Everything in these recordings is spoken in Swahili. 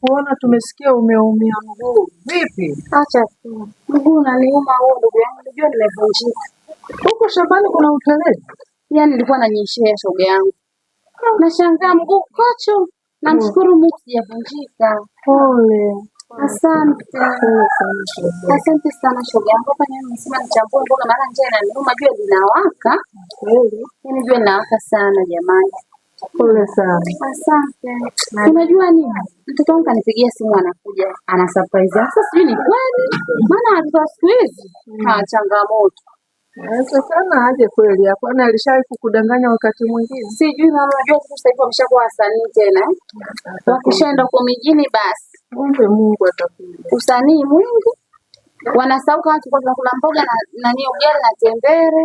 kuona tumesikia umeumia mguu. Vipi? Acha tu. Mguu unaniuma huo ndugu yangu, unajua nimevunjika. Huko shambani kuna utelezi. Yaani nilikuwa nanyeshea shoga yangu. Nashangaa mguu kocho. Namshukuru hmm. Mungu sijavunjika. Pole. Asante. Asante sana shoga yangu. Hapa nini nisema nichambue mboga maana njia inaniuma, jua linawaka. Kweli. Yaani jua linawaka sana jamani. Pole sana. Asante. Unajua nini? Mtoto wangu kanipigia simu anakuja, ana surprise. Sasa sijui ni kweli. Maana hata siku hizi na changamoto. Sasa aje kweli hapo. Na alishawahi kukudanganya wakati mwingine. Sijui mama, unajua sasa hivi ameshakuwa wasanii tena. Eh? Wakishaenda kwa mijini basi. Kumbe Mungu atakuja. Usanii mwingi. Wanasahau kama tulikuwa tunakula mboga na nani ugali na tembere.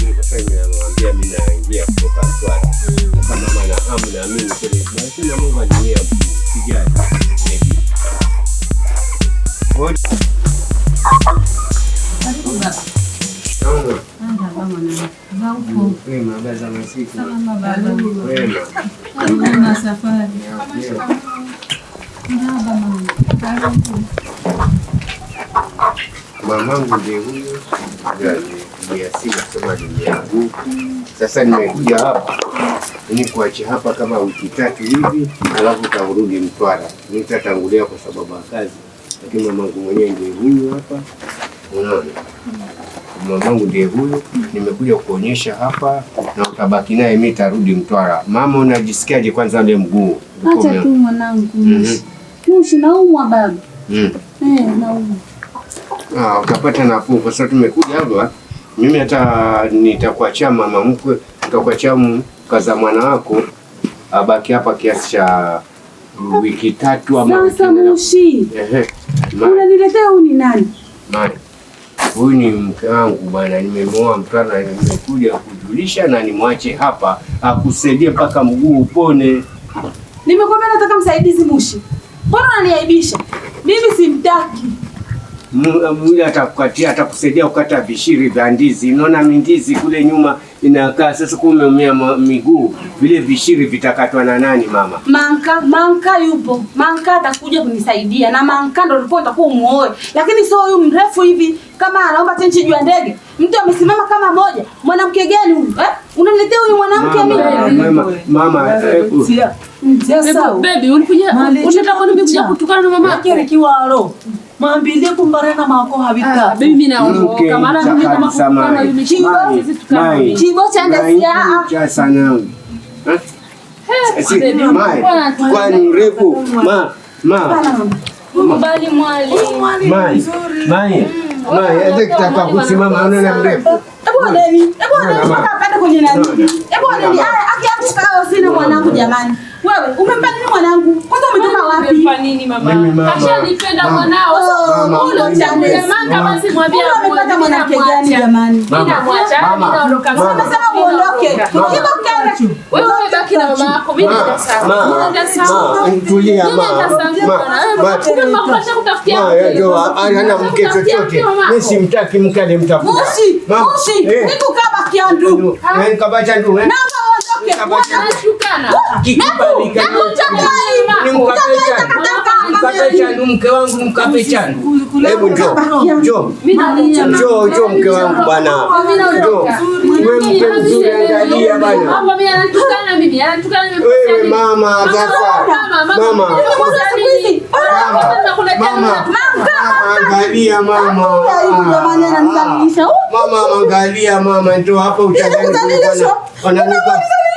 lakini kwa sababu ninamwambia mimi Mamangu ndiye huyo. DRC nasoma dini yangu. Sasa nimekuja hapa ili kuacha hapa kama wiki tatu hivi, alafu taurudi Mtwara. Nitatangulia kwa sababu ya kazi, lakini mamangu mwenyewe ndiye huyu hapa, unaona mamangu ndiye huyu. Nimekuja kuonyesha hapa na utabaki naye, mimi tarudi Mtwara. Mama, unajisikiaje kwanza ule mguu? Acha tu mwanangu, mhm. naumwa baba. Mhm. Eh, naumwa. Ah, utapata nafuu kwa sababu tumekuja hapa mimi hata nitakuachia mama mkwe, nitakuachia mkaza mwana wako abaki hapa kiasi cha wiki tatu ama. Sasa Mushi, unaniletea huyu ni nani? Huyu ni mke wangu bwana, nimemwoa mtana, nimekuja kujulisha na nimwache hapa akusaidie mpaka mguu upone. Nimekuambia nataka msaidizi Mushi, mbona unaniaibisha? Mimi simtaki. Eh, atakukatia atakusaidia kukata vishiri vya ndizi. Unaona mindizi kule nyuma inakaa sasa, kumeumia miguu, vile vishiri vitakatwa na nani? Mama manka manka yupo, manka atakuja kunisaidia na manka ndo ndipo nitakuwa umuoe, lakini sio huyu mrefu hivi kama anaomba tenchi juu ya ndege. Mtu amesimama kama moja, mwanamke gani huyu eh? Unaniletea huyu mwanamke mimi mama mama, eh, eh, ulikuja unataka kunipigwa kutokana na mama yake kiwalo Mwambilie kumbarana mako habika. Ah, mimi naondoka. Mara mimi kama kukana yule chimbo sisi tukamwambia. Chimbo cha ndasia. Cha sana. Eh? eh mai. Kwani mrefu? Ma. Ma. Mbali mwali. Mai. Mai. Mai, mm, aje kitaka kusimama unaona mrefu. Hebu ndeni. Hebu ndeni. Unapenda kwenye nani? Hebu ndeni. Aki aki sasa usine mwanangu jamani. Wewe umempa nini mwanangu? Kwanza umetoka wapi? Umempa nini mama? Ashanipenda mwanao. Oh, huyo mtangulia basi mwambie amepata mwanamke gani jamani? Ninamwacha, ninaondoka. Unasema uondoke. Hivyo kae. Wewe baki na mama yako. Mimi nitasamehe. Nitasamehe. Mtulia mama. ana mke chochote. Mimi simtaki mke alimtafuta. Mushi, mushi. Nikukaba kiandu. Nikukaba kiandu. Mama ondoke mke wangu mkape chana. Hebu njoo njoo njoo njoo, mke wangu bana, wewe mke mzuri, angalia bana. Wewe mama angalia mama, mama angalia mama, njoo hapa utaangalia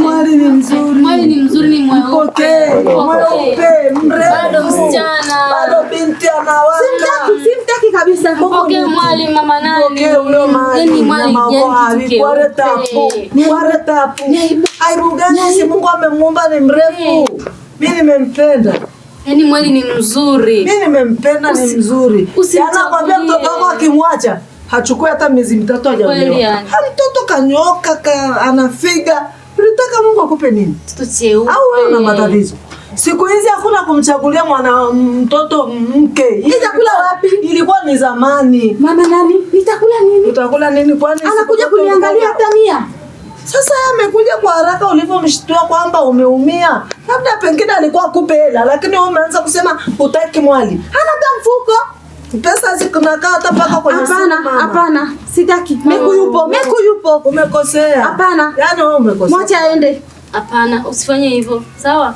Mwali ni mzuri, mwali ni mzuri, ni mweupe, mweupe, mrembo, msichana bado, binti anawaka. Simtaki, simtaki kabisa. Mpokee mwali, mama nani? Mpokee ule yaani mwali, wale tapu, wale tapu. Aibu Si Mungu amemuumba, ni mrefu. Mimi eh. nimempenda. Yaani mwali ni mzuri. Mimi nimempenda, ni mzuri. Anakwambia mtoto wako akimwacha hachukui hata miezi mitatu hajaolewa, Ha, mtoto kanyoka ka, anafiga. Ulitaka Mungu akupe nini? Au wewe una matatizo? Siku hizi hakuna kumchagulia mwana mtoto mke. Itakula wapi? Ilikuwa ni zamani. Mama nani? Itakula nini? Utakula nini kwani? Anakuja kuniangalia Tania. Sasa amekuja kwa haraka ulivyomshtua kwamba umeumia. Labda pengine alikuwa akupe hela, lakini wewe umeanza kusema utaki mwali. Hana mfuko. Pesa ziko zinakaa hata mpaka nyasi. Hapana, hapana. Sitaki. Meku yupo, oh, Meku yupo. Umekosea. Hapana. Yaani wewe umekosea. Mwache aende. Hapana, usifanye hivyo. Sawa?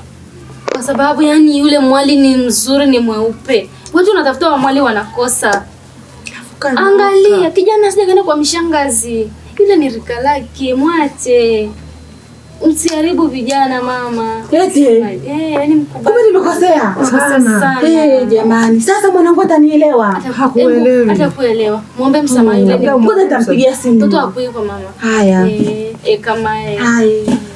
Kwa sababu yani yule mwali ni mzuri, ni mweupe. Watu wanatafuta wa mwali wanakosa. Angalia, kijana asije kwenda kwa mshangazi. Yule ni rika lake, mwache. Msiharibu vijana mama. Eti. Eh, yani mkubwa. Kumbe nimekosea. Sana. Eh, jamani. Sasa mwanangu atanielewa. Hakuelewi. Hatakuelewa. Muombe msamaha hmm. yule. Ngoja nitampigia simu. Mtoto hapo mama. Haya. Eh, eh kama eh. Haya.